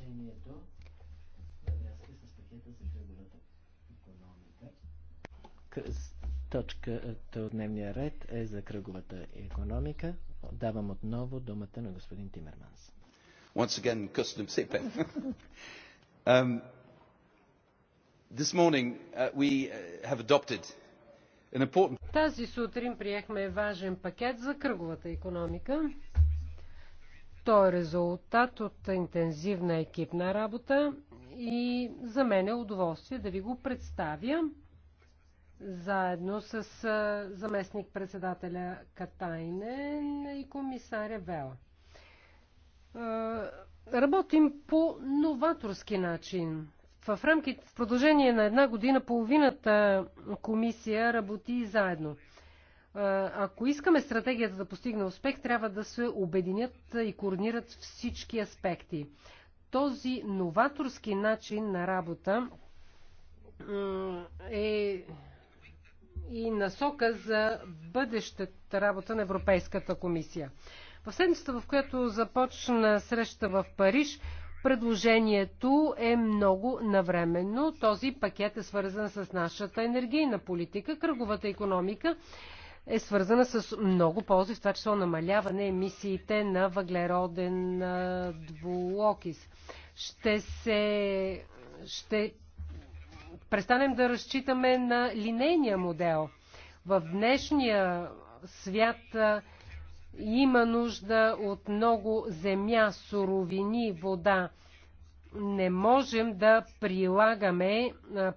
решението на връзка с пакета за кръговата економика. Точката е, от дневния ред е за кръговата економика. Давам отново думата на господин Тимерманс. Once again, custom sipping. um, this morning uh, we uh, have adopted an important... Тази сутрин приехме важен пакет за кръговата економика. Той е резултат от интензивна екипна работа и за мен е удоволствие да ви го представя заедно с заместник-председателя Катайнен и комисаря Вела. Работим по новаторски начин. В рамките, в продължение на една година, половината комисия работи заедно. Е, ако искаме стратегията да постигне успех, трябва да се обединят и координират всички аспекти. Този новаторски начин на работа е и насока за бъдещата работа на Европейската комисия. В седмицата, в която започна среща в Париж, предложението е много навременно. Този пакет е свързан с нашата енергийна политика, кръговата економика е свързана с много ползи, в това число намаляване емисиите на въглероден двуокис. Ще се... Ще престанем да разчитаме на линейния модел. В днешния свят има нужда от много земя, суровини, вода не можем да прилагаме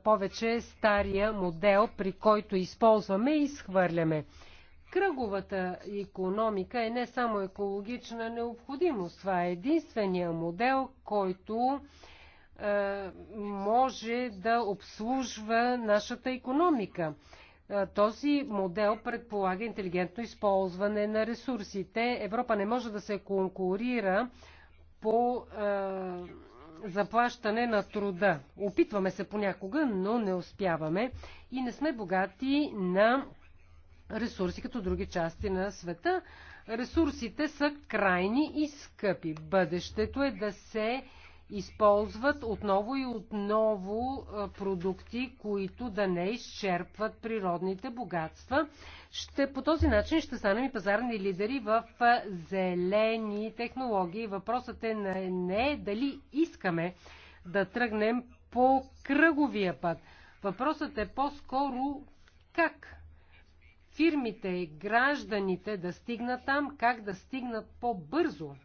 повече стария модел, при който използваме и изхвърляме. Кръговата економика е не само екологична необходимост, това е единствения модел, който е, може да обслужва нашата економика. Този модел предполага интелигентно използване на ресурсите. Европа не може да се конкурира по е, заплащане на труда. Опитваме се понякога, но не успяваме и не сме богати на ресурси, като други части на света. Ресурсите са крайни и скъпи. Бъдещето е да се използват отново и отново продукти, които да не изчерпват природните богатства. Ще, по този начин ще станем и пазарни лидери в зелени технологии. Въпросът е на не е дали искаме да тръгнем по кръговия път. Въпросът е по-скоро как фирмите и гражданите да стигнат там, как да стигнат по-бързо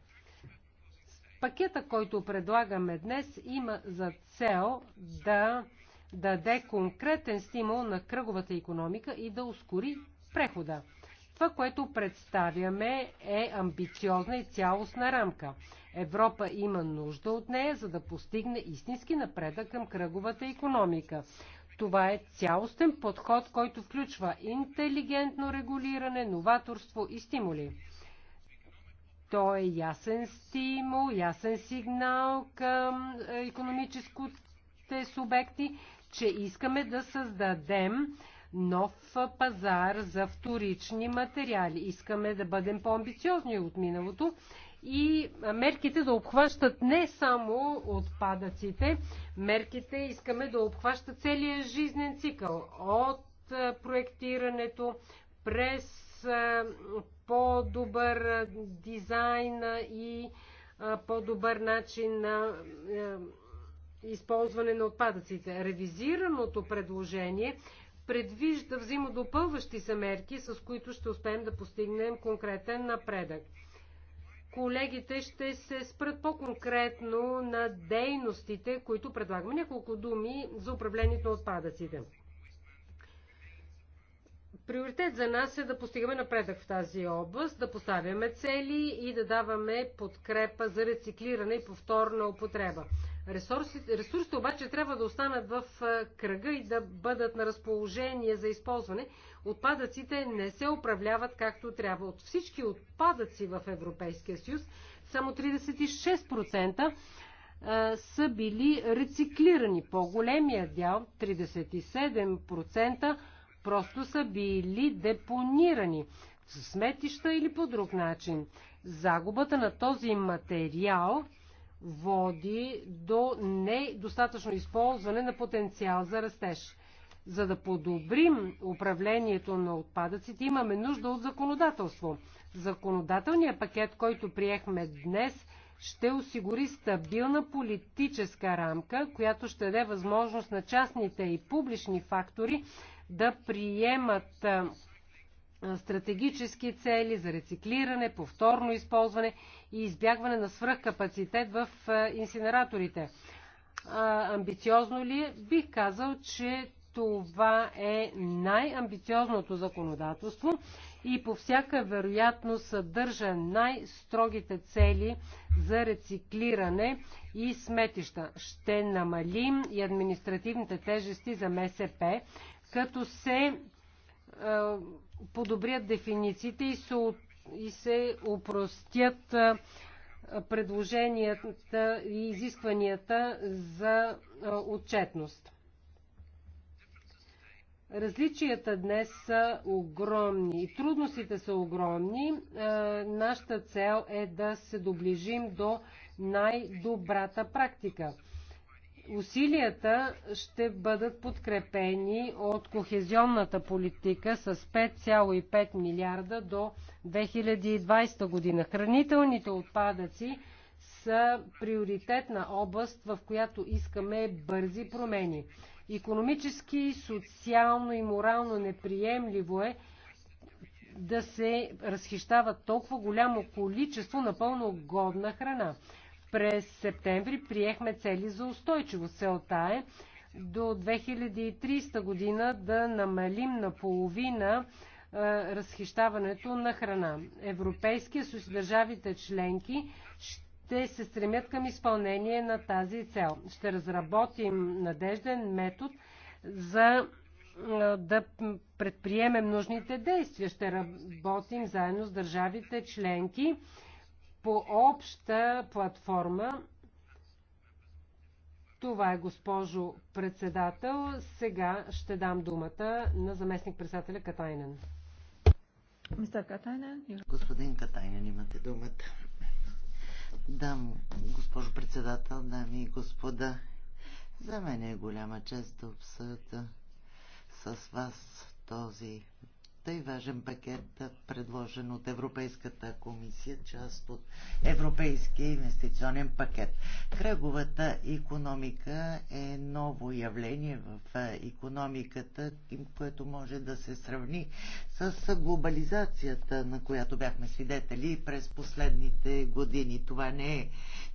Пакета, който предлагаме днес, има за цел да даде конкретен стимул на кръговата економика и да ускори прехода. Това, което представяме е амбициозна и цялостна рамка. Европа има нужда от нея, за да постигне истински напредък към кръговата економика. Това е цялостен подход, който включва интелигентно регулиране, новаторство и стимули. Той е ясен стимул, ясен сигнал към економическите субекти, че искаме да създадем нов пазар за вторични материали. Искаме да бъдем по-амбициозни от миналото и мерките да обхващат не само отпадъците, мерките искаме да обхващат целия жизнен цикъл от е, проектирането през е, по-добър дизайн и по-добър начин на е, използване на отпадъците. Ревизираното предложение предвижда взаимодопълващи се мерки, с които ще успеем да постигнем конкретен напредък. Колегите ще се спрат по-конкретно на дейностите, които предлагаме. Няколко думи за управлението на отпадъците. Приоритет за нас е да постигаме напредък в тази област, да поставяме цели и да даваме подкрепа за рециклиране и повторна употреба. Ресурсите, ресурсите обаче трябва да останат в кръга и да бъдат на разположение за използване. Отпадъците не се управляват както трябва. От всички отпадъци в Европейския съюз само 36% са били рециклирани. По-големия дял, 37%, просто са били депонирани с сметища или по друг начин. Загубата на този материал води до недостатъчно използване на потенциал за растеж. За да подобрим управлението на отпадъците, имаме нужда от законодателство. Законодателният пакет, който приехме днес, ще осигури стабилна политическа рамка, която ще даде възможност на частните и публични фактори да приемат стратегически цели за рециклиране, повторно използване и избягване на свръхкапацитет в инсинераторите. Амбициозно ли е? Бих казал, че това е най-амбициозното законодателство и по всяка вероятност съдържа най-строгите цели за рециклиране и сметища. Ще намалим и административните тежести за МСП, като се е, подобрят дефинициите и се, и се упростят е, предложенията и изискванията за е, отчетност. Различията днес са огромни и трудностите са огромни. Нашата цел е да се доближим до най-добрата практика. Усилията ще бъдат подкрепени от кохезионната политика с 5,5 милиарда до 2020 година. Хранителните отпадъци са приоритетна област, в която искаме бързи промени. Економически, социално и морално неприемливо е да се разхищават толкова голямо количество напълно годна храна. През септември приехме цели за устойчивост. Целта е до 2030 година да намалим наполовина е, разхищаването на храна. Европейския съюз държавите членки ще се стремят към изпълнение на тази цел. Ще разработим надежден метод за е, да предприемем нужните действия. Ще работим заедно с държавите членки по обща платформа. Това е госпожо председател. Сега ще дам думата на заместник председателя Катайнен. Мистер Катайнен. Господин Катайнен, имате думата. Дам, госпожо председател, дами и господа, за мен е голяма чест да обсъда с вас този тъй важен пакет, предложен от Европейската комисия, част от Европейския инвестиционен пакет. Кръговата економика е ново явление в економиката, което може да се сравни с глобализацията, на която бяхме свидетели през последните години. Това не е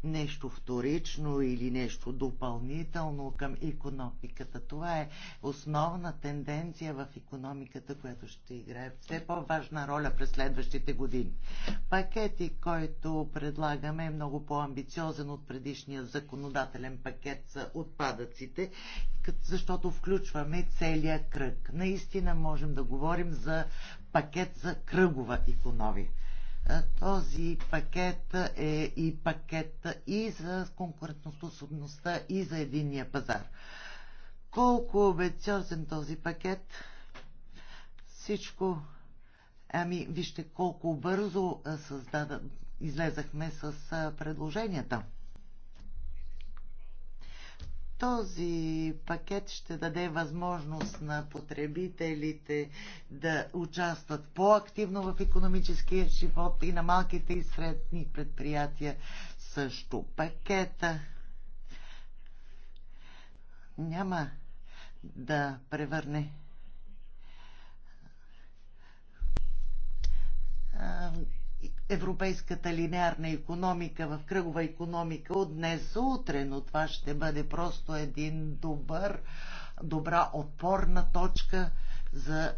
нещо вторично или нещо допълнително към економиката. Това е основна тенденция в економиката, която ще играе все по-важна роля през следващите години. Пакети, който предлагаме е много по-амбициозен от предишния законодателен пакет за отпадъците, защото включваме целия кръг. Наистина можем да говорим за пакет за кръгова економия. Този пакет е и пакет и за конкурентоспособността, и за единния пазар. Колко обециозен този пакет всичко. Ами, вижте колко бързо създада, излезахме с предложенията. Този пакет ще даде възможност на потребителите да участват по-активно в економическия живот и на малките и средни предприятия също. Пакета няма да превърне европейската линеарна економика в кръгова економика от днес за утре, но това ще бъде просто един добър, добра отпорна точка за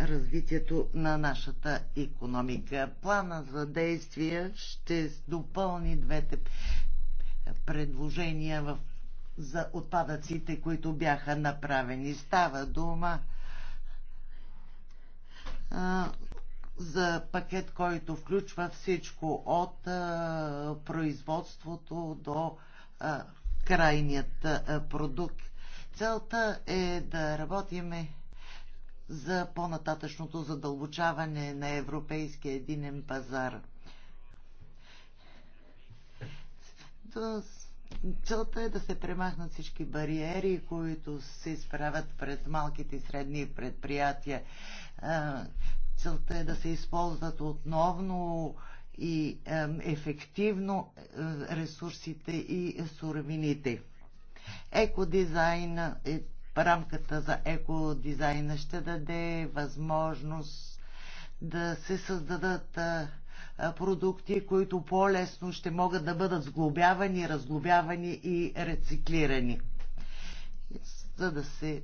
развитието на нашата економика. Плана за действия ще допълни двете предложения в, за отпадъците, които бяха направени. Става дума а, за пакет, който включва всичко от а, производството до а, крайният а, продукт. Целта е да работиме за по-нататъчното задълбочаване на европейския единен пазар. Целта е да се премахнат всички бариери, които се изправят пред малките и средни предприятия. Целта е да се използват отновно и ефективно е, ресурсите и суровините. Екодизайна, е, рамката за екодизайна ще даде възможност да се създадат е, продукти, които по-лесно ще могат да бъдат сглобявани, разглобявани и рециклирани. За да се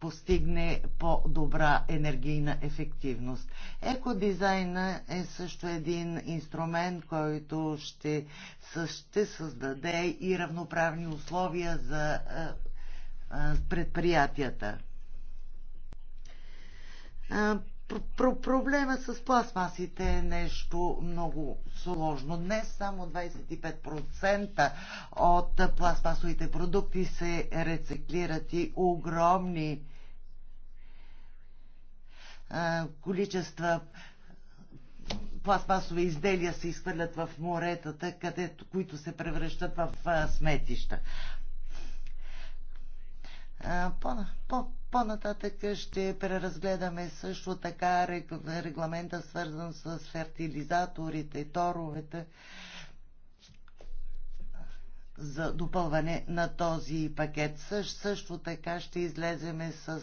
постигне по-добра енергийна ефективност. Екодизайна е също един инструмент, който ще, ще създаде и равноправни условия за е, е, предприятията. Проблема с пластмасите е нещо много сложно. Днес само 25% от пластмасовите продукти се рециклират и огромни количества пластмасови изделия се изхвърлят в моретата, където, които се превръщат в а, сметища. по, по, по-нататък ще преразгледаме също така регламента, свързан с фертилизаторите, торовете, за допълване на този пакет. Също, също така ще излеземе с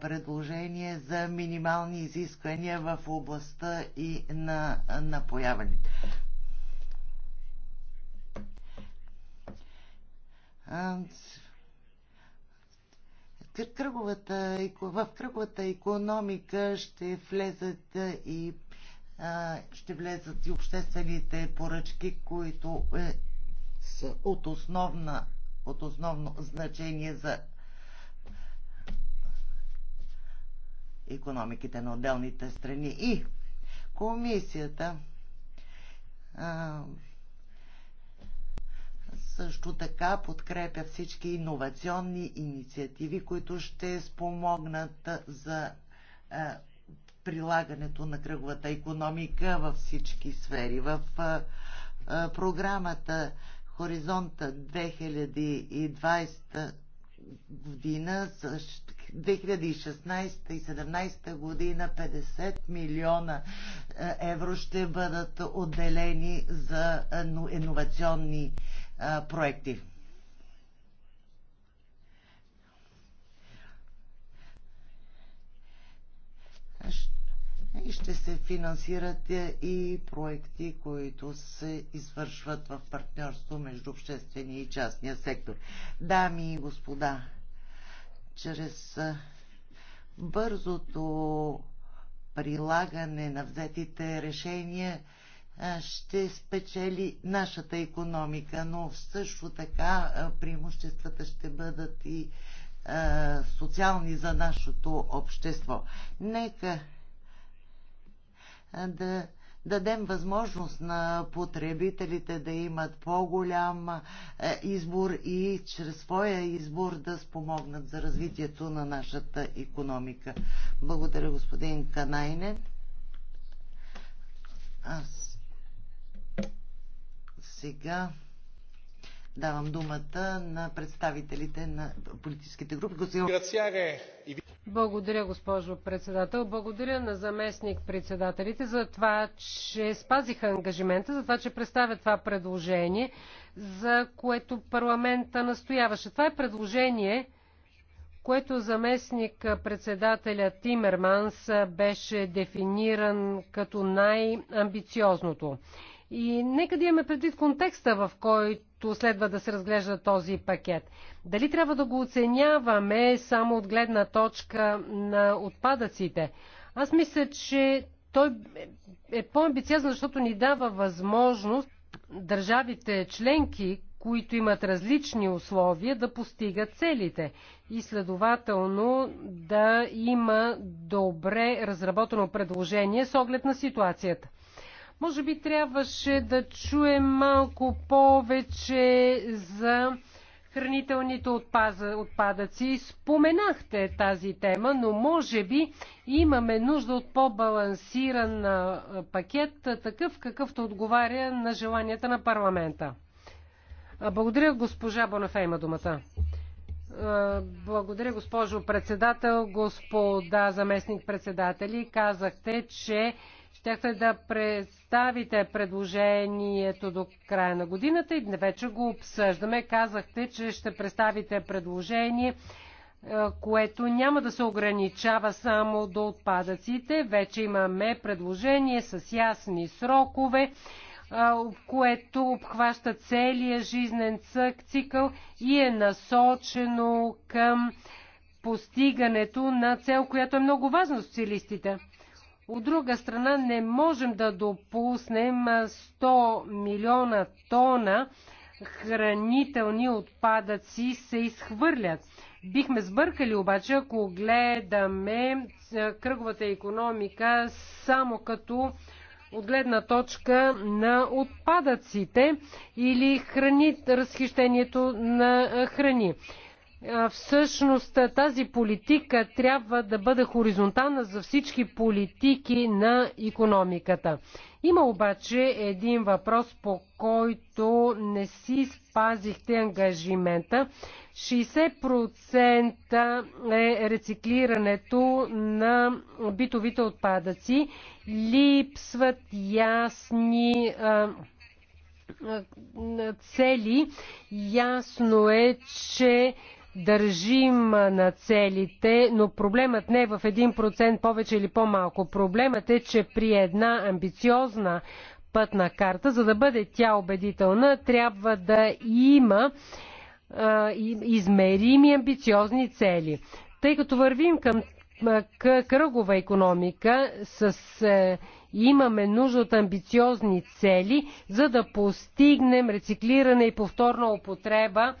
предложение за минимални изисквания в областта и на напояването. Кръговата, в кръговата економика ще влезат и ще влезат и обществените поръчки, които е, са от, основна, от основно значение за економиките на отделните страни. И комисията а, също така подкрепя всички иновационни инициативи, които ще спомогнат за а, прилагането на кръговата економика във всички сфери. В а, а, програмата Хоризонта 2020 година 2016 и 2017 година 50 милиона е, евро ще бъдат отделени за е, иновационни е, проекти. и ще се финансират и проекти, които се извършват в партньорство между обществения и частния сектор. Дами и господа, чрез бързото прилагане на взетите решения ще спечели нашата економика, но също така преимуществата ще бъдат и социални за нашето общество. Нека да дадем възможност на потребителите да имат по-голям е, избор и чрез своя избор да спомогнат за развитието на нашата економика. Благодаря, господин Канайнен. Аз сега давам думата на представителите на политическите групи. Благодаря, госпожо председател. Благодаря на заместник председателите за това, че спазиха ангажимента, за това, че представят това предложение, за което парламента настояваше. Това е предложение, което заместник председателя Тимерманс беше дефиниран като най-амбициозното. И нека да имаме предвид контекста, в който както следва да се разглежда този пакет. Дали трябва да го оценяваме само от гледна точка на отпадъците? Аз мисля, че той е по-амбициозен, защото ни дава възможност държавите членки, които имат различни условия, да постигат целите и следователно да има добре разработено предложение с оглед на ситуацията. Може би трябваше да чуем малко повече за хранителните отпадъци. Споменахте тази тема, но може би имаме нужда от по-балансиран пакет, такъв какъвто отговаря на желанията на парламента. Благодаря, госпожа Бонафе има думата. Благодаря, госпожо председател, господа заместник председатели. Казахте, че щяхте да представите предложението до края на годината и вече го обсъждаме. Казахте, че ще представите предложение, е, което няма да се ограничава само до отпадъците. Вече имаме предложение с ясни срокове е, което обхваща целия жизнен цикъл и е насочено към постигането на цел, която е много важна с целистите от друга страна не можем да допуснем 100 милиона тона хранителни отпадъци се изхвърлят. Бихме сбъркали обаче, ако гледаме кръговата економика само като от гледна точка на отпадъците или храни, разхищението на храни всъщност тази политика трябва да бъде хоризонтална за всички политики на економиката. Има обаче един въпрос, по който не си спазихте ангажимента. 60% е рециклирането на битовите отпадъци. Липсват ясни цели. Ясно е, че държим на целите, но проблемът не е в 1% повече или по-малко. Проблемът е, че при една амбициозна пътна карта, за да бъде тя убедителна, трябва да има а, измерими амбициозни цели. Тъй като вървим към кръгова економика с е, имаме нужда от амбициозни цели, за да постигнем рециклиране и повторна употреба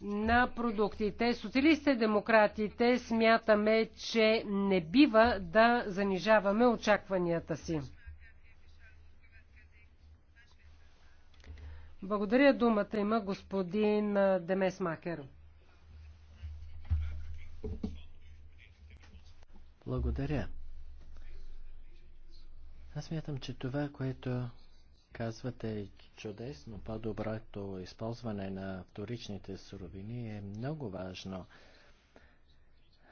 на продуктите. Социалистите и демократите смятаме, че не бива да занижаваме очакванията си. Благодаря думата има господин Демес Макер. Благодаря. Аз мятам, че това, което Казвате чудесно, по-доброто използване на вторичните суровини е много важно.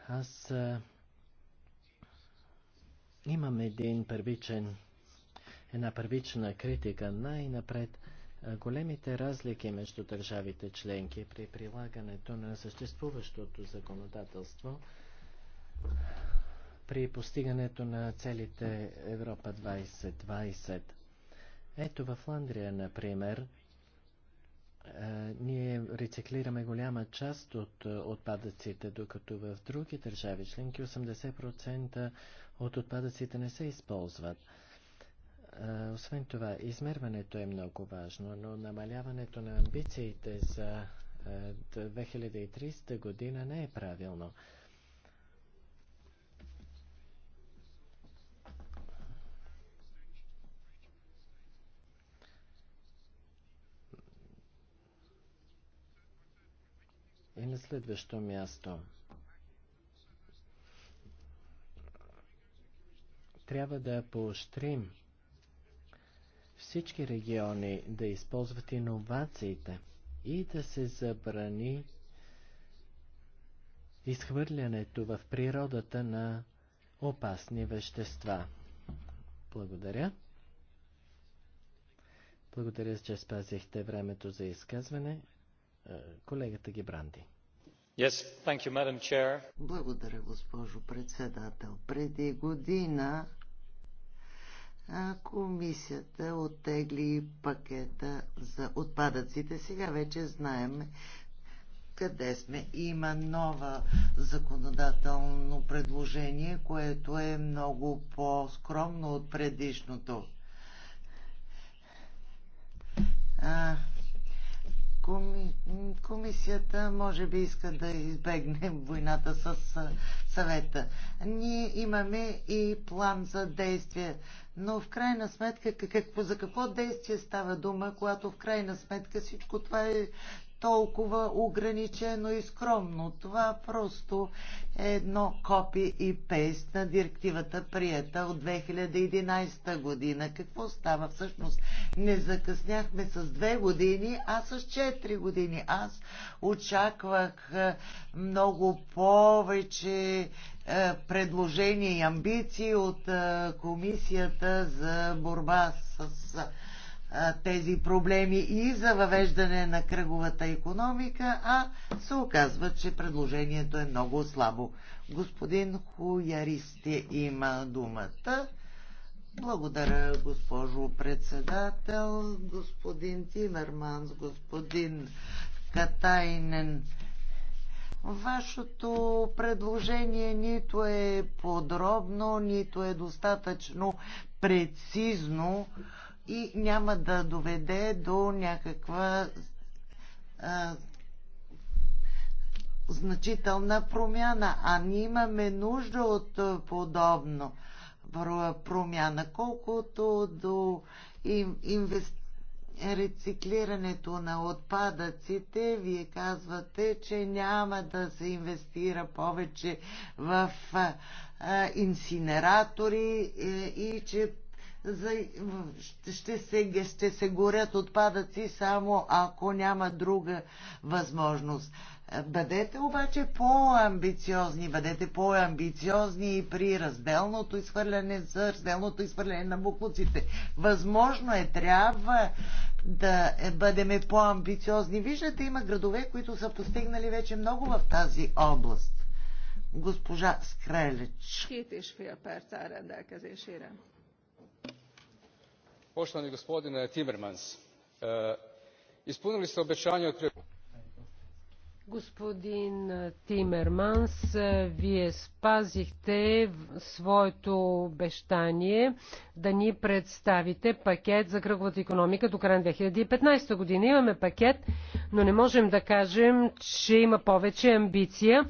Аз а, имам един първичен, една първична критика. Най-напред големите разлики между държавите членки при прилагането на съществуващото законодателство при постигането на целите Европа 2020. Ето в Фландрия, например, е, ние рециклираме голяма част от е, отпадъците, докато в други държави членки 80% от отпадъците не се използват. Е, освен това, измерването е много важно, но намаляването на амбициите за 2300 година не е правилно. на следващо място. Трябва да поощрим всички региони да използват иновациите и да се забрани изхвърлянето в природата на опасни вещества. Благодаря. Благодаря, че спазихте времето за изказване. Е, колегата Гибранди. Благодаря, госпожо председател. Преди година комисията оттегли пакета за отпадъците. Сега вече знаем къде сме. Има нова законодателно предложение, което е много по-скромно от предишното. А, Коми... Комисията може би иска да избегне войната с съвета. Ние имаме и план за действие, но в крайна сметка какво, за какво действие става дума, когато в крайна сметка всичко това е толкова ограничено и скромно. Това просто е едно копи и пейст на директивата, приета от 2011 година. Какво става всъщност? Не закъсняхме с две години, а с 4 години. Аз очаквах е, много повече е, предложения и амбиции от е, комисията за борба с тези проблеми и за въвеждане на кръговата економика, а се оказва, че предложението е много слабо. Господин Хуяристи има думата. Благодаря, госпожо председател, господин Тимерманс, господин Катайнен. Вашето предложение нито е подробно, нито е достатъчно прецизно и няма да доведе до някаква а, значителна промяна, а ние имаме нужда от подобно промяна, колкото до инвестиции рециклирането на отпадъците, вие казвате, че няма да се инвестира повече в инсинератори е, и че за, ще, се, ще се горят отпадъци само ако няма друга възможност. Бъдете обаче по-амбициозни, бъдете по-амбициозни и при разделното изхвърляне, за разделното изхвърляне на буклуците. Възможно е, трябва да бъдем по-амбициозни. Виждате, има градове, които са постигнали вече много в тази област. Госпожа Скрелеч poštovani gospodine timmermans e, ispunili ste obećanje od prije Господин Тимерманс, вие спазихте своето обещание да ни представите пакет за кръговата економика до края на 2015 година. Имаме пакет, но не можем да кажем, че има повече амбиция.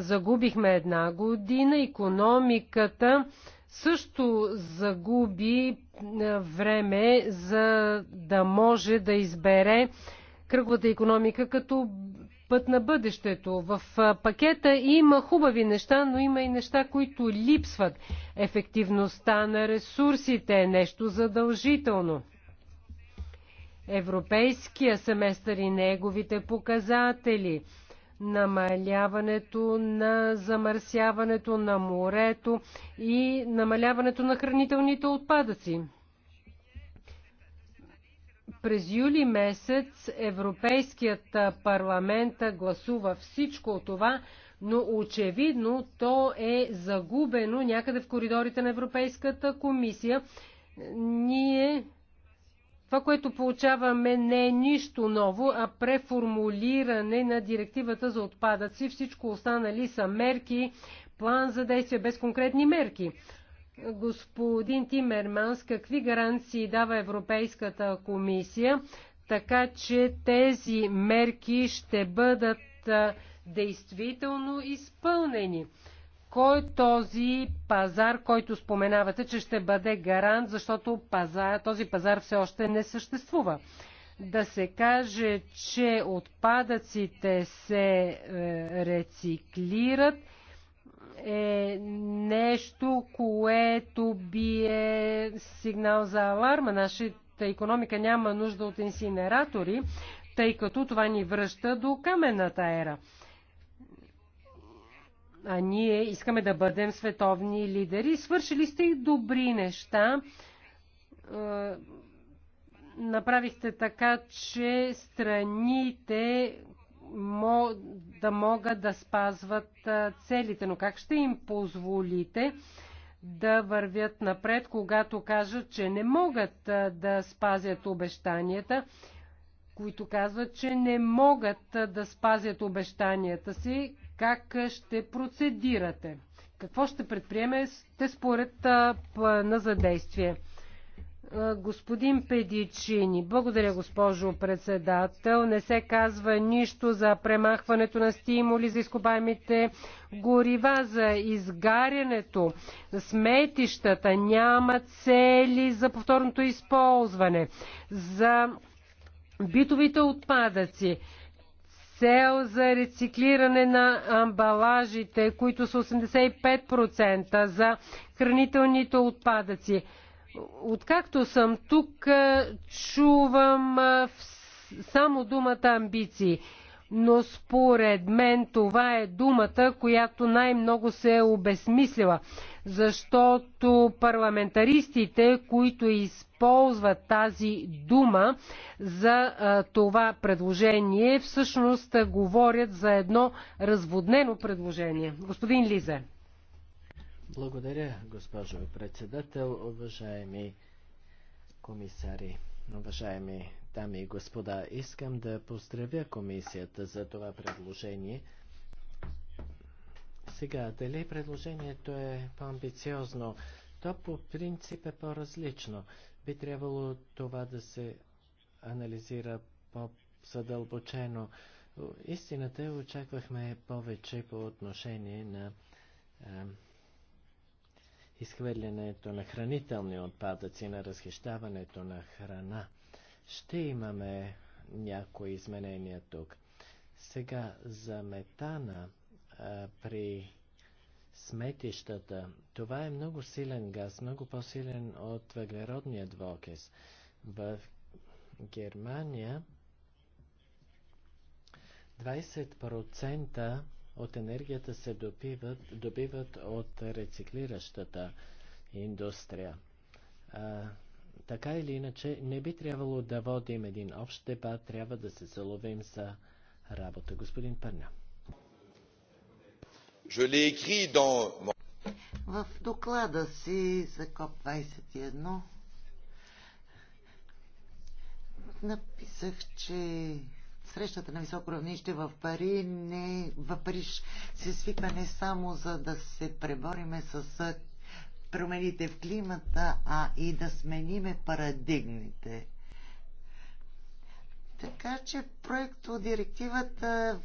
Загубихме една година. Економиката също загуби е, време, за да може да избере кръговата економика като път на бъдещето. В е, пакета има хубави неща, но има и неща, които липсват. Ефективността на ресурсите е нещо задължително. Европейския семестър и неговите показатели – намаляването на замърсяването на морето и намаляването на хранителните отпадъци. През юли месец Европейският парламент гласува всичко това, но очевидно то е загубено някъде в коридорите на Европейската комисия. Ние това, което получаваме, не е нищо ново, а преформулиране на директивата за отпадъци. Всичко останали са мерки, план за действие без конкретни мерки. Господин Тимерманс, какви гаранции дава Европейската комисия, така че тези мерки ще бъдат действително изпълнени? Кой е този пазар, който споменавате, че ще бъде гарант, защото пазар, този пазар все още не съществува? Да се каже, че отпадъците се е, рециклират е нещо, което би е сигнал за аларма. Нашата економика няма нужда от инсинератори, тъй като това ни връща до каменната ера а ние искаме да бъдем световни лидери. Свършили сте и добри неща. Направихте така, че страните да могат да спазват целите, но как ще им позволите да вървят напред, когато кажат, че не могат да спазят обещанията? които казват, че не могат да спазят обещанията си, как ще процедирате? Какво ще предприеме те според плана за действие? Господин Педичини, благодаря госпожо председател. Не се казва нищо за премахването на стимули за изкопаемите горива, за изгарянето, сметищата, няма цели за повторното използване, за битовите отпадъци цел за рециклиране на амбалажите, които са 85% за хранителните отпадъци. Откакто съм тук, чувам само думата амбиции но според мен това е думата, която най-много се е обесмислила, защото парламентаристите, които използват тази дума за това предложение, всъщност говорят за едно разводнено предложение. Господин Лизе. Благодаря, госпожо председател, уважаеми комисари, уважаеми дами и господа, искам да поздравя комисията за това предложение. Сега, дали предложението е по-амбициозно? То по принцип е по-различно. Би трябвало това да се анализира по-задълбочено. Истината е, очаквахме повече по отношение на а, изхвърлянето на хранителни отпадъци, на разхищаването на храна. Ще имаме някои изменения тук. Сега за метана а, при сметищата. Това е много силен газ, много по-силен от въглеродния двокис. В Германия 20% от енергията се добиват, добиват от рециклиращата индустрия. А, така или иначе, не би трябвало да водим един общ дебат, трябва да се заловим за работа. Господин Пърня. В доклада си за КОП-21 написах, че срещата на високо равнище в, Пари не, в Париж се свиква не само за да се пребориме с промените в климата, а и да смениме парадигмите. Така че проекто директивата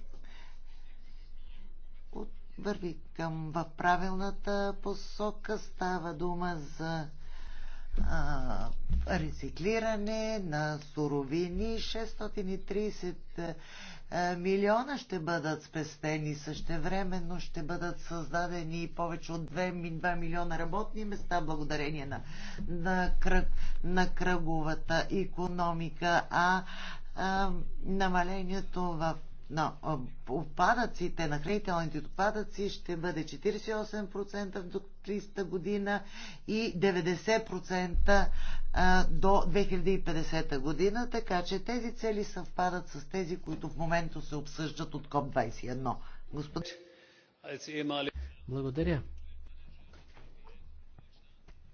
върви към в правилната посока. Става дума за а, рециклиране на суровини. 630 е, милиона ще бъдат спестени, същевременно ще бъдат създадени повече от 2, 2 милиона работни места благодарение на, на, кръг, на кръговата економика, а, а намалението в на отпадъците, на хранителните отпадъци ще бъде 48% до 300 година и 90% до 2050 година, така че тези цели съвпадат с тези, които в момента се обсъждат от КОП-21. Господин... Благодаря.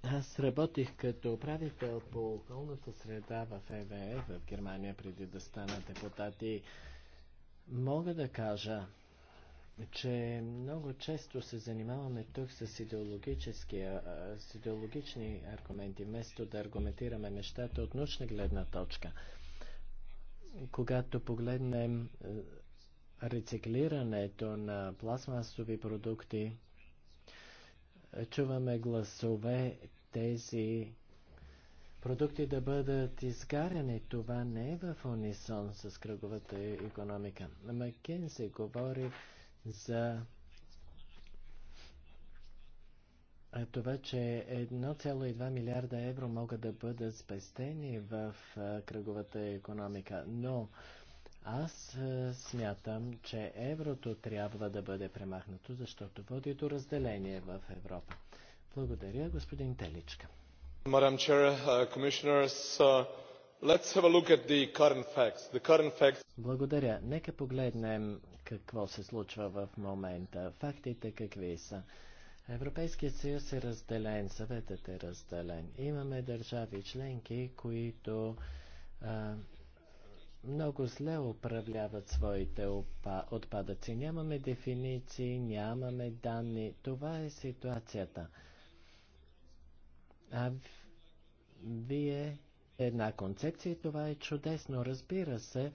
Аз работих като управител по околната среда в ЕВЕ е, в Германия преди да стана депутат и Мога да кажа, че много често се занимаваме тук с, идеологически, с идеологични аргументи, вместо да аргументираме нещата от научна гледна точка. Когато погледнем рециклирането на пластмасови продукти, чуваме гласове тези продукти да бъдат изгаряни. Това не е в унисон с кръговата економика. Макен се говори за това, че 1,2 милиарда евро могат да бъдат спестени в кръговата економика, но аз смятам, че еврото трябва да бъде премахнато, защото води до разделение в Европа. Благодаря, господин Теличка madam president uh, uh, Благодаря. Нека погледнем какво се случва в момента. Фактите какви са? Европейският съюз е разделен, съветът е разделен. Имаме държави членки, които а, много зле управляват своите отпадъци. Нямаме дефиниции, нямаме данни. Това е ситуацията. А вие една концепция, това е чудесно, разбира се.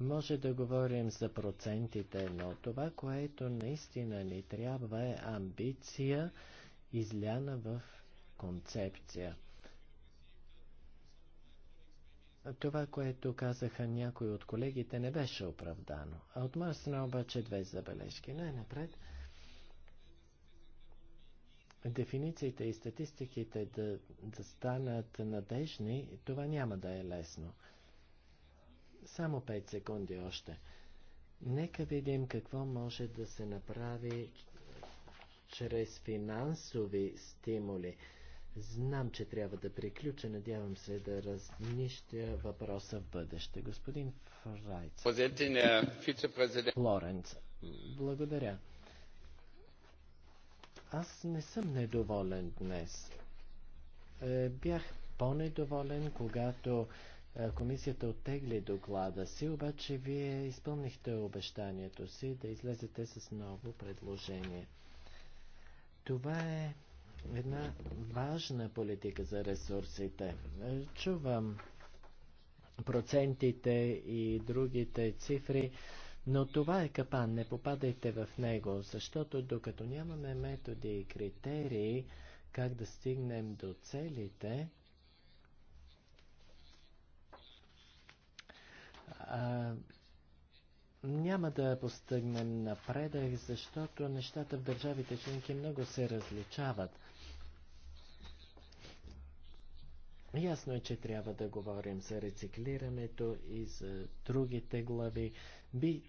Може да говорим за процентите, но това, което наистина ни трябва е амбиция, изляна в концепция. Това, което казаха някои от колегите, не беше оправдано. А от масна обаче две забележки. Най-напред, дефинициите и статистиките да, да станат надежни, това няма да е лесно. Само 5 секунди още. Нека видим какво може да се направи чрез финансови стимули. Знам, че трябва да приключа. Надявам се да разнищя въпроса в бъдеще. Господин Фрайц. Е, Лоренц. Благодаря. Аз не съм недоволен днес. Е, бях по-недоволен, когато е, комисията оттегли доклада си, обаче вие изпълнихте обещанието си да излезете с ново предложение. Това е една важна политика за ресурсите. Е, чувам процентите и другите цифри. Но това е капан, не попадайте в него, защото докато нямаме методи и критерии как да стигнем до целите, а, няма да постигнем напредък, защото нещата в държавите членки много се различават. Ясно е, че трябва да говорим за рециклирането и за другите глави. Би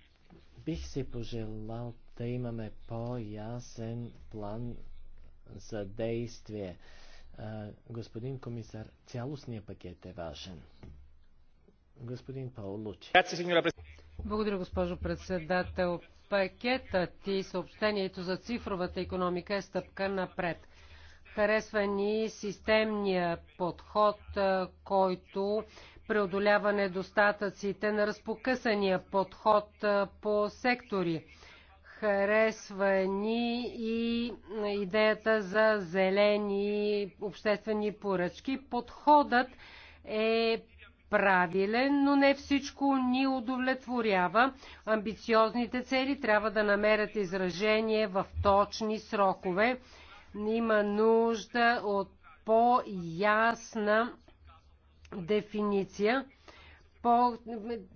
Бих си пожелал да имаме по-ясен план за действие. Господин комисар, цялостният пакет е важен. Господин Паулучи. Благодаря, госпожо председател. Пакетът и съобщението за цифровата економика е стъпка напред. Харесва ни системния подход, който преодоляване недостатъците на разпокъсания подход по сектори. Харесва ни и идеята за зелени обществени поръчки. Подходът е правилен, но не всичко ни удовлетворява. Амбициозните цели трябва да намерят изражение в точни срокове. Има нужда от по-ясна дефиниция. По,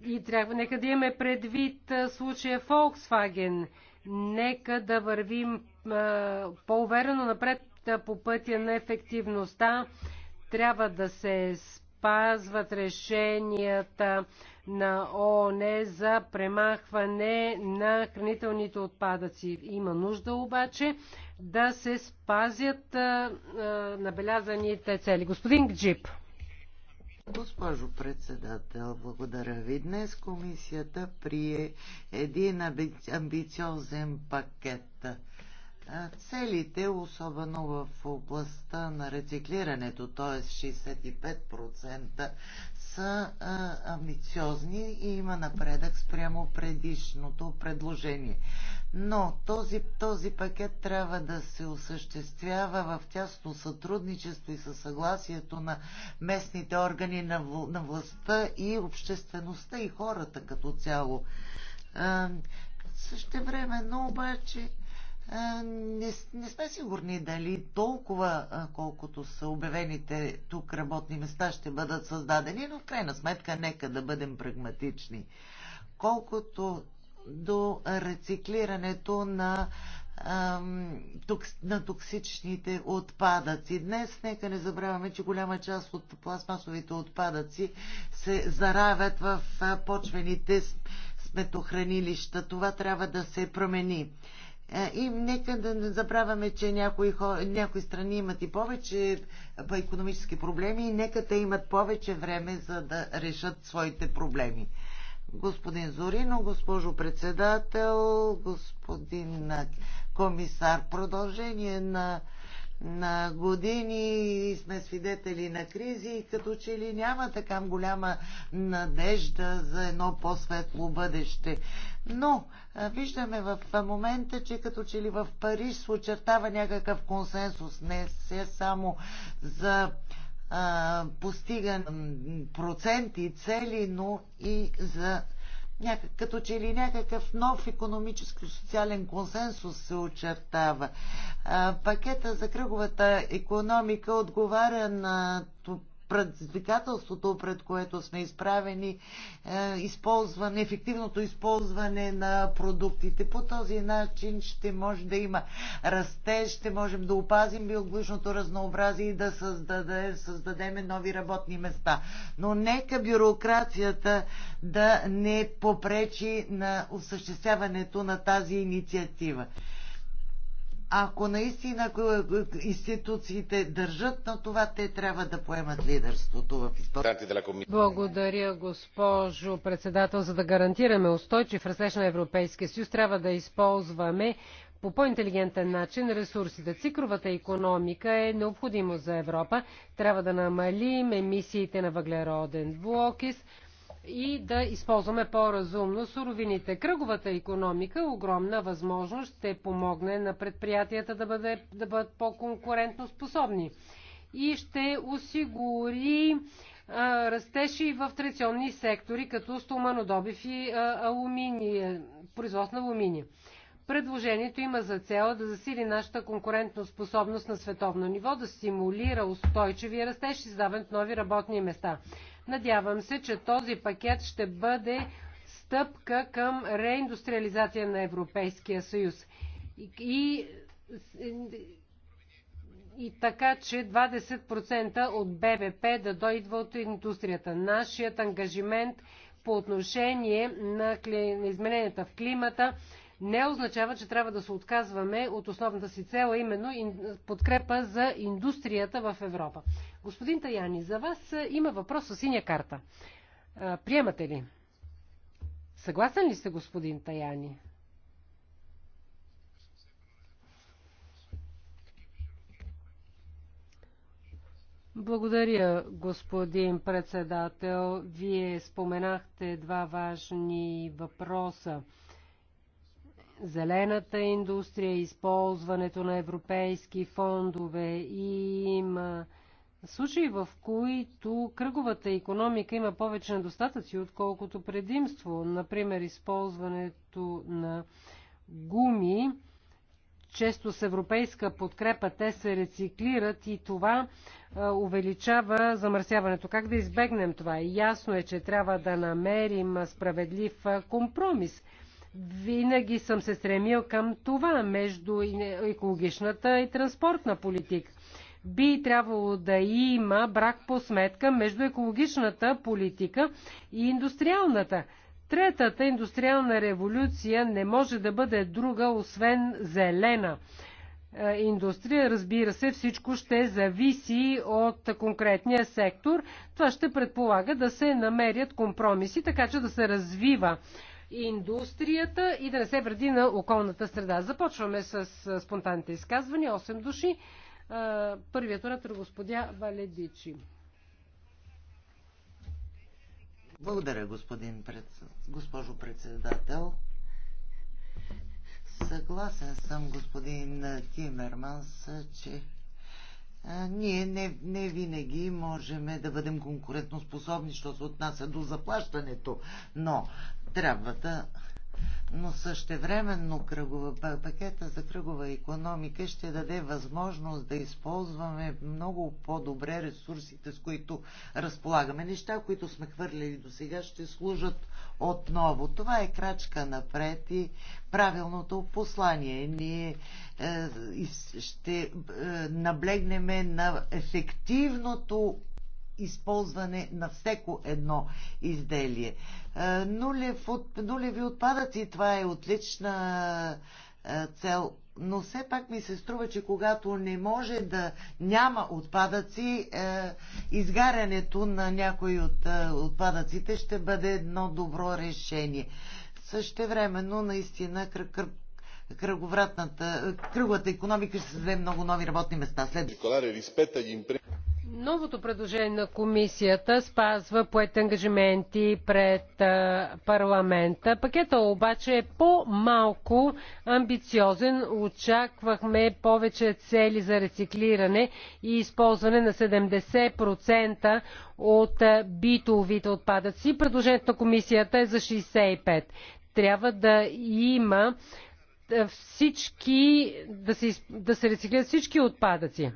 и трябва, нека да имаме предвид случая Volkswagen. Нека да вървим по-уверено напред по пътя на ефективността. Трябва да се спазват решенията на ООН за премахване на хранителните отпадъци. Има нужда обаче да се спазят набелязаните цели. Господин Гджип. Госпожо председател, благодаря ви. Днес комисията прие един амбициозен пакет. Целите, особено в областта на рециклирането, т.е. 65% са а, амбициозни и има напредък спрямо предишното предложение. Но този, този пакет трябва да се осъществява в тясно сътрудничество и със съгласието на местните органи на, на властта и обществеността и хората като цяло. А, времено, обаче не, не сме сигурни дали толкова, колкото са обявените тук работни места, ще бъдат създадени, но в крайна сметка нека да бъдем прагматични. Колкото до рециклирането на, на токсичните отпадъци. Днес нека не забравяме, че голяма част от пластмасовите отпадъци се заравят в почвените сметохранилища. Това трябва да се промени. Е, и нека да не забравяме, че някои, някои страни имат и повече економически проблеми и нека те имат повече време за да решат своите проблеми. Господин Зорино, госпожо председател, господин е, комисар, продължение на на години сме свидетели на кризи и като че ли няма така голяма надежда за едно по-светло бъдеще. Но виждаме в момента, че като че ли в Париж се очертава някакъв консенсус, не се само за постиган проценти, цели, но и за някак, като че ли някакъв нов економическо-социален консенсус се очертава. А, пакета за кръговата економика отговаря на предизвикателството, пред което сме изправени, е, използване, ефективното използване на продуктите. По този начин ще може да има растеж, ще можем да опазим биологичното разнообразие и да създадем, създадем нови работни места. Но нека бюрокрацията да не попречи на осъществяването на тази инициатива. Ако наистина институциите държат на това, те трябва да поемат лидерството в историята. Благодаря, госпожо председател. За да гарантираме устойчив разлеж на Европейския съюз, трябва да използваме по по-интелигентен начин ресурсите. Цикровата економика е необходимо за Европа. Трябва да намалим емисиите на въглероден двуокис, и да използваме по-разумно суровините. Кръговата економика е огромна възможност, ще помогне на предприятията да, бъде, да бъдат по-конкурентно способни и ще осигури растежи растеж и в традиционни сектори, като стоманодобив и алуминия, производство на алуминия. Предложението има за цел да засили нашата конкурентно способност на световно ниво, да стимулира устойчивия растеж и създаването нови работни места. Надявам се, че този пакет ще бъде стъпка към реиндустриализация на Европейския съюз. И, и, и така, че 20% от БВП да дойдва от индустрията. Нашият ангажимент по отношение на измененията в климата не означава, че трябва да се отказваме от основната си цел, именно подкрепа за индустрията в Европа. Господин Таяни, за вас има въпрос с синя карта. Приемате ли? Съгласен ли сте, господин Таяни? Благодаря, господин председател. Вие споменахте два важни въпроса зелената индустрия, използването на европейски фондове и има случаи, в които кръговата економика има повече недостатъци, отколкото предимство. Например, използването на гуми, често с европейска подкрепа те се рециклират и това а, увеличава замърсяването. Как да избегнем това? Ясно е, че трябва да намерим справедлив компромис – винаги съм се стремил към това между екологичната и транспортна политика. Би трябвало да има брак по сметка между екологичната политика и индустриалната. Третата индустриална революция не може да бъде друга, освен зелена е, индустрия. Разбира се, всичко ще зависи от конкретния сектор. Това ще предполага да се намерят компромиси, така че да се развива индустрията и да не се вреди на околната среда. Започваме с спонтанните изказвания. 8 души. Първият оратор е господя Валедичи. Благодаря, господин пред... госпожо председател. Съгласен съм, господин Тимерманс, че ние не, не винаги можем да бъдем конкурентоспособни, що се отнася до заплащането. Но трябва да но същевременно кръгова, пакета за кръгова економика ще даде възможност да използваме много по-добре ресурсите, с които разполагаме. Неща, които сме хвърлили до сега, ще служат отново. Това е крачка напред и правилното послание. Ние е, ще е, наблегнеме на ефективното използване на всеко едно изделие. Е, нулев, нулеви отпадъци, това е отлична е, цел, но все пак ми се струва, че когато не може да няма отпадъци, е, изгарянето на някои от отпадъците ще бъде едно добро решение. Същевременно, наистина, кръг, кръг, кръговратната, кръговата економика ще създаде много нови работни места. След... Новото предложение на комисията спазва поет ангажименти пред парламента. Пакета обаче е по-малко амбициозен. Очаквахме повече цели за рециклиране и използване на 70% от битовите отпадъци. Предложението на комисията е за 65%. Трябва да има всички, да се, да се рециклират всички отпадъци.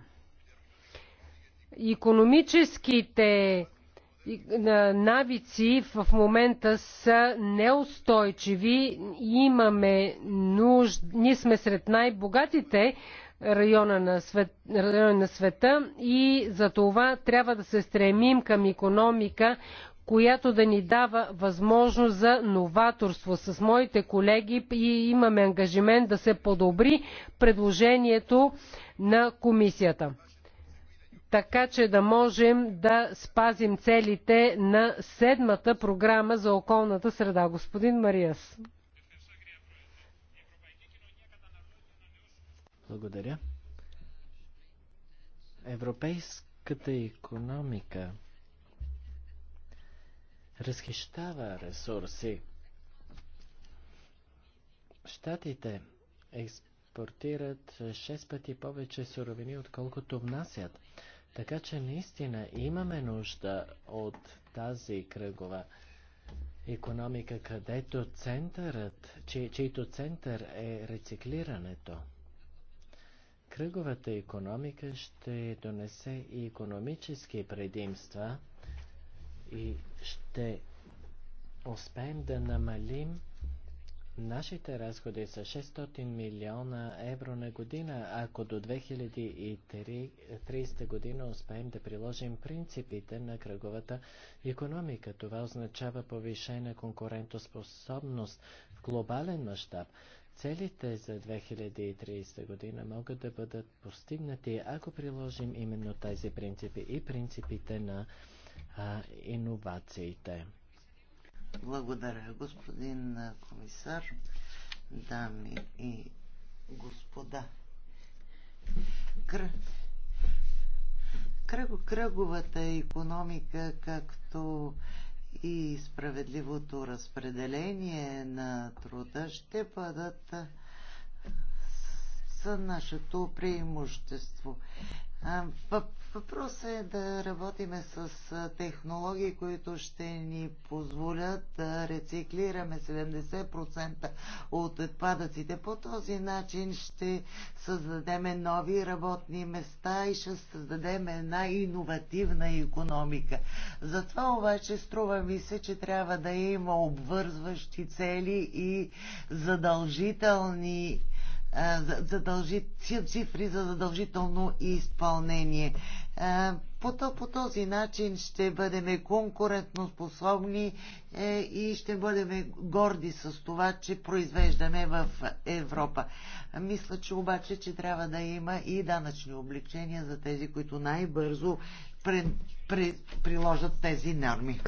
Икономическите навици в момента са неустойчиви. Имаме нужда. Ние сме сред най-богатите района на, свет, района на света и за това трябва да се стремим към економика, която да ни дава възможност за новаторство. С моите колеги и имаме ангажимент да се подобри предложението на комисията така че да можем да спазим целите на седмата програма за околната среда. Господин Мариас. Благодаря. Европейската економика разхищава ресурси. Штатите експортират 6 пъти повече суровини, отколкото внасят. Така че наистина имаме нужда от тази кръгова економика, където центърът, чий, чийто център е рециклирането. Кръговата економика ще донесе и економически предимства и ще успеем да намалим Нашите разходи са 600 милиона евро на година. Ако до 2030 година успеем да приложим принципите на кръговата економика, това означава повишена конкурентоспособност в глобален мащаб. Целите за 2030 година могат да бъдат постигнати, ако приложим именно тези принципи и принципите на а, иновациите. Благодаря, господин комисар, дами и господа. Кръ... Кръг... Кръговата економика, както и справедливото разпределение на труда ще бъдат са нашето преимущество. Въпросът е да работиме с технологии, които ще ни позволят да рециклираме 70% от отпадъците. По този начин ще създадем нови работни места и ще създадем една иновативна економика. Затова обаче струва ми се, че трябва да има обвързващи цели и задължителни задължи, цифри за задължително изпълнение. По, по този начин ще бъдем конкурентоспособни е, и ще бъдем горди с това, че произвеждаме в Европа. Мисля, че обаче, че трябва да има и данъчни обличения за тези, които най-бързо приложат тези норми.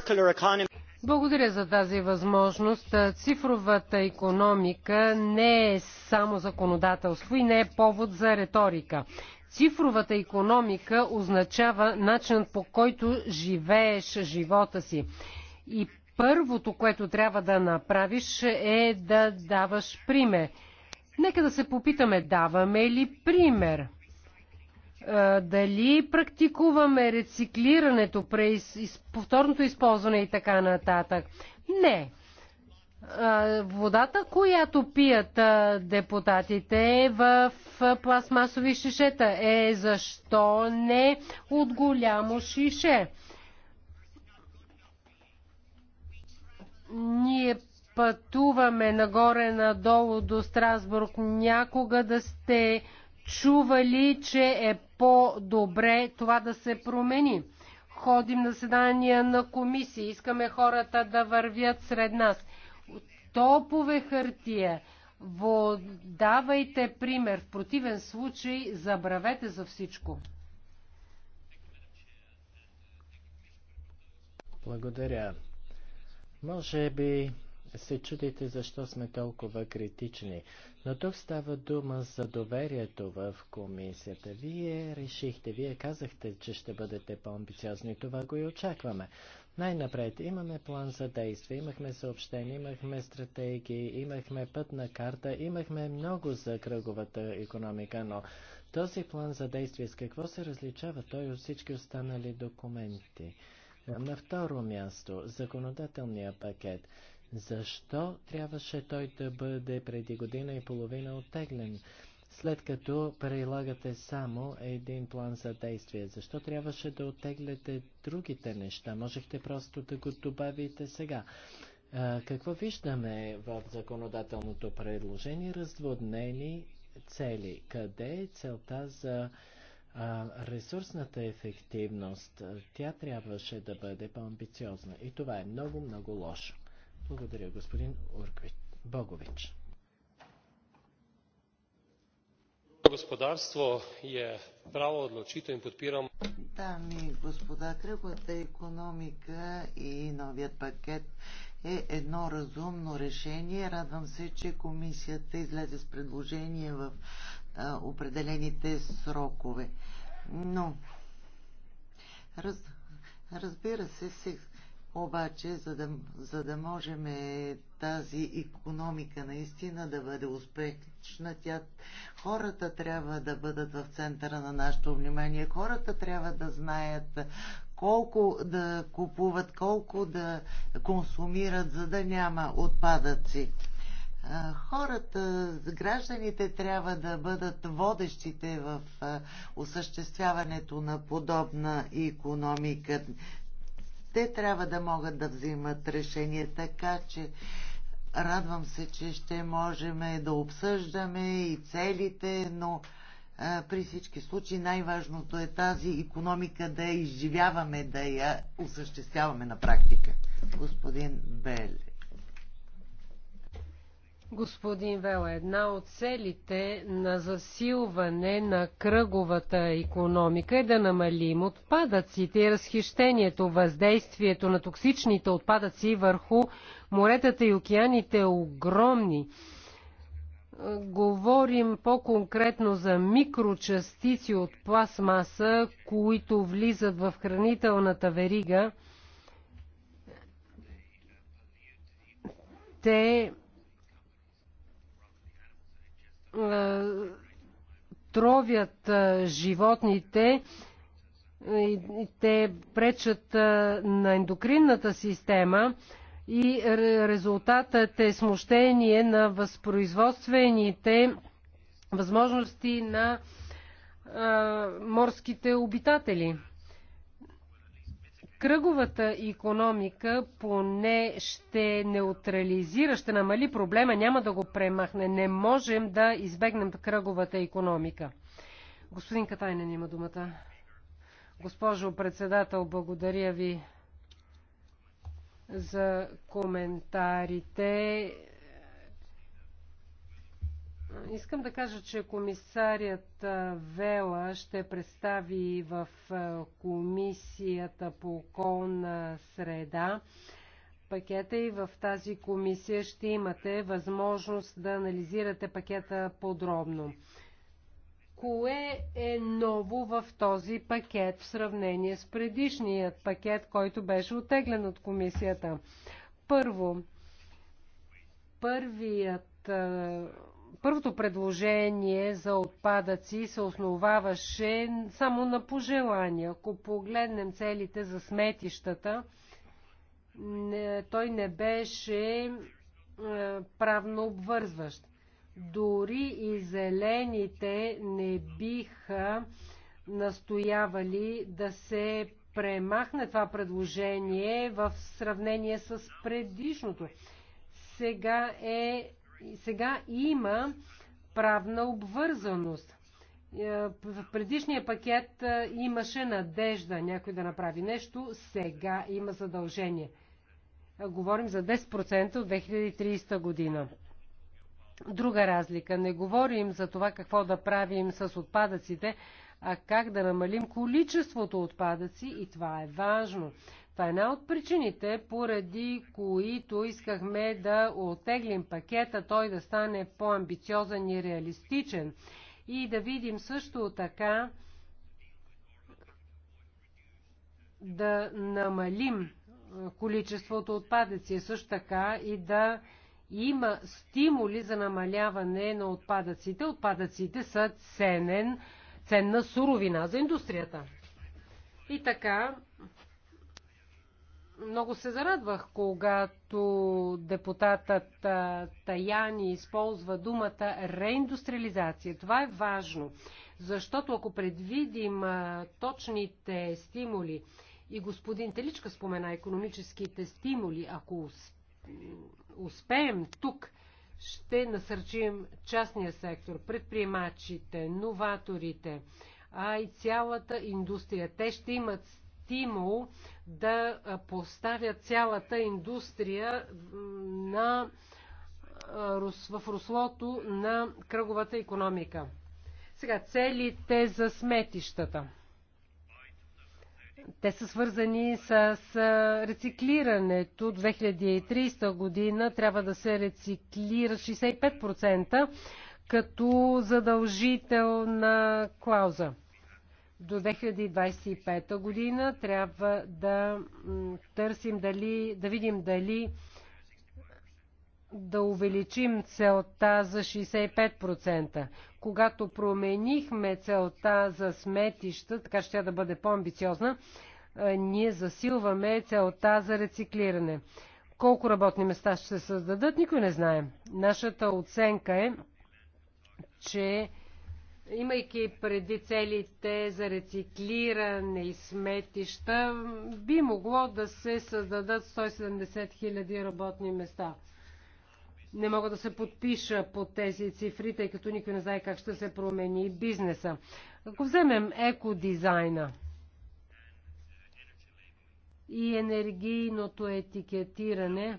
Благодаря за тази възможност. Е, цифровата економика не е само законодателство и не е повод за риторика. Цифровата економика означава начинът по който живееш живота си. И първото, което трябва да направиш е да даваш пример. Нека да се попитаме, даваме ли пример? дали практикуваме рециклирането, преиз, повторното използване и така нататък. Не. Водата, която пият депутатите е в пластмасови шишета е защо не от голямо шише. Ние пътуваме нагоре-надолу до Страсбург. Някога да сте чували, че е по-добре това да се промени. Ходим на седания на комисии, искаме хората да вървят сред нас. Топове хартия, давайте пример, в противен случай забравете за всичко. Благодаря. Може би се чудите защо сме толкова критични. Но тук става дума за доверието в комисията. Вие решихте, вие казахте, че ще бъдете по-амбициозни. Това го и очакваме. Най-напред имаме план за действие, имахме съобщения, имахме стратегии, имахме пътна карта, имахме много за кръговата економика, но този план за действие с какво се различава той от всички останали документи? На второ място, законодателния пакет. Защо трябваше той да бъде преди година и половина оттеглен? след като прилагате само един план за действие? Защо трябваше да оттегляте другите неща? Можехте просто да го добавите сега. А, какво виждаме в законодателното предложение? Разводнени цели. Къде е целта за а, ресурсната ефективност? Тя трябваше да бъде по-амбициозна. И това е много, много лошо. Благодаря, господин Урквит. Богович. Господарство е право odločitev и подпирам. Дами и господа, кръглата економика и новият пакет е едно разумно решение. Радвам се, че комисията излезе с предложение в а, определените срокове. Но, раз, разбира се, сега обаче, за да, за да можем тази економика наистина да бъде успешна, тя, хората трябва да бъдат в центъра на нашето внимание. Хората трябва да знаят колко да купуват, колко да консумират, за да няма отпадъци. Хората, гражданите трябва да бъдат водещите в осъществяването на подобна економика те трябва да могат да взимат решение, така че радвам се, че ще можем да обсъждаме и целите, но а, при всички случаи най-важното е тази економика да я изживяваме, да я осъществяваме на практика. Господин Бел. Господин Вела, една от целите на засилване на кръговата економика е да намалим отпадъците и разхищението. Въздействието на токсичните отпадъци върху моретата и океаните е огромни. Говорим по-конкретно за микрочастици от пластмаса, които влизат в хранителната верига. Те е, тровят е, животните и те пречат е, на ендокринната система и резултатът е смущение на възпроизводствените възможности на морските обитатели. Кръговата економика поне ще неутрализира, ще намали проблема, няма да го премахне. Не можем да избегнем кръговата економика. Господин Катайнен има думата. Госпожо председател, благодаря ви за коментарите Искам да кажа, че комисарият Вела ще представи в комисията по околна среда пакета и в тази комисия ще имате възможност да анализирате пакета подробно. Кое е ново в този пакет в сравнение с предишният пакет, който беше отеглен от комисията? Първо, първият първото предложение за отпадъци се основаваше само на пожелания. Ако погледнем целите за сметищата, не, той не беше е, правно обвързващ. Дори и зелените не биха настоявали да се премахне това предложение в сравнение с предишното. Сега е сега има правна обвързаност. Е, в предишния пакет е, имаше надежда някой да направи нещо, сега има задължение. Е, говорим за 10% от 2030 година. Друга разлика. Не говорим за това какво да правим с отпадъците, а как да намалим количеството отпадъци и това е важно. Това е една от причините, поради които искахме да отеглим пакета, той да стане по-амбициозен и реалистичен. И да видим също така да намалим количеството отпадъци, също така и да има стимули за намаляване на отпадъците. Отпадъците са ценен, ценна суровина за индустрията. И така, много се зарадвах, когато депутатът Таяни използва думата реиндустриализация. Това е важно, защото ако предвидим точните стимули, и господин Теличка спомена економическите стимули, ако успеем тук, ще насърчим частния сектор, предприемачите, новаторите, а и цялата индустрия. Те ще имат стимул да поставя цялата индустрия на, в руслото на кръговата економика. Сега, целите за сметищата. Те са свързани с рециклирането. 2030 година трябва да се рециклира 65%, като задължителна клауза до 2025 година. Трябва да търсим дали, да видим дали да увеличим целта за 65%. Когато променихме целта за сметища, така ще тя да бъде по-амбициозна, е, ние засилваме целта за рециклиране. Колко работни места ще се създадат, никой не знае. Нашата оценка е, че имайки преди целите за рециклиране и сметища, би могло да се създадат 170 000 работни места. Не мога да се подпиша по тези цифри, тъй като никой не знае как ще се промени бизнеса. Ако вземем екодизайна и енергийното етикетиране,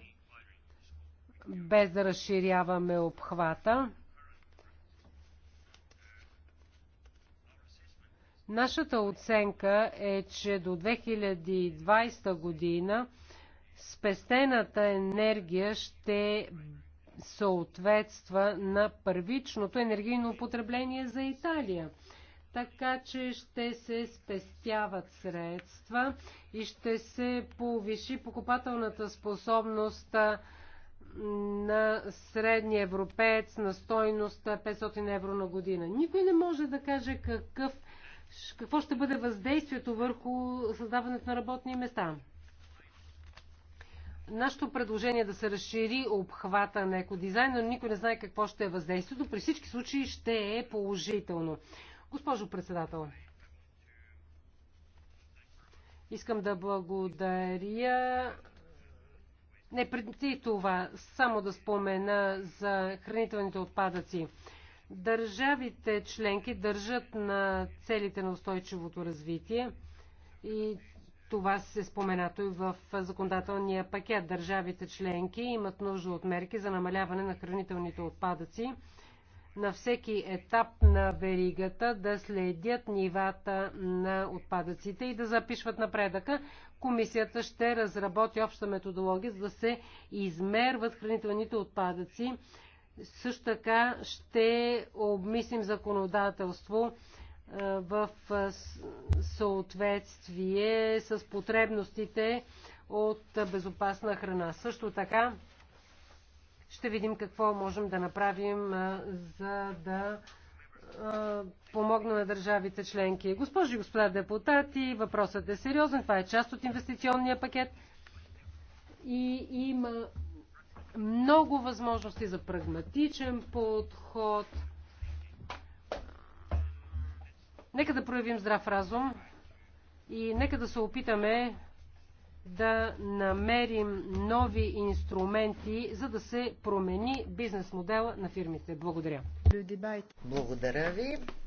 без да разширяваме обхвата, Нашата оценка е, че до 2020 година спестената енергия ще съответства на първичното енергийно потребление за Италия. Така че ще се спестяват средства и ще се повиши покупателната способност на средния европеец на стойност 500 евро на година. Никой не може да каже какъв какво ще бъде въздействието върху създаването на работни места. Нашето предложение е да се разшири обхвата на екодизайна, но никой не знае какво ще е въздействието. При всички случаи ще е положително. Госпожо председател, искам да благодаря не преди това, само да спомена за хранителните отпадъци. Държавите членки държат на целите на устойчивото развитие и това се споменато и в законодателния пакет. Държавите членки имат нужда от мерки за намаляване на хранителните отпадъци на всеки етап на веригата да следят нивата на отпадъците и да запишват напредъка. Комисията ще разработи обща методология, за да се измерват хранителните отпадъци също така ще обмислим законодателство е, в съответствие с потребностите от безопасна храна. Също така ще видим какво можем да направим, е, за да е, помогна на държавите членки. Госпожи и господа депутати, въпросът е сериозен. Това е част от инвестиционния пакет и има много възможности за прагматичен подход. Нека да проявим здрав разум и нека да се опитаме да намерим нови инструменти, за да се промени бизнес модела на фирмите. Благодаря. Благодаря ви.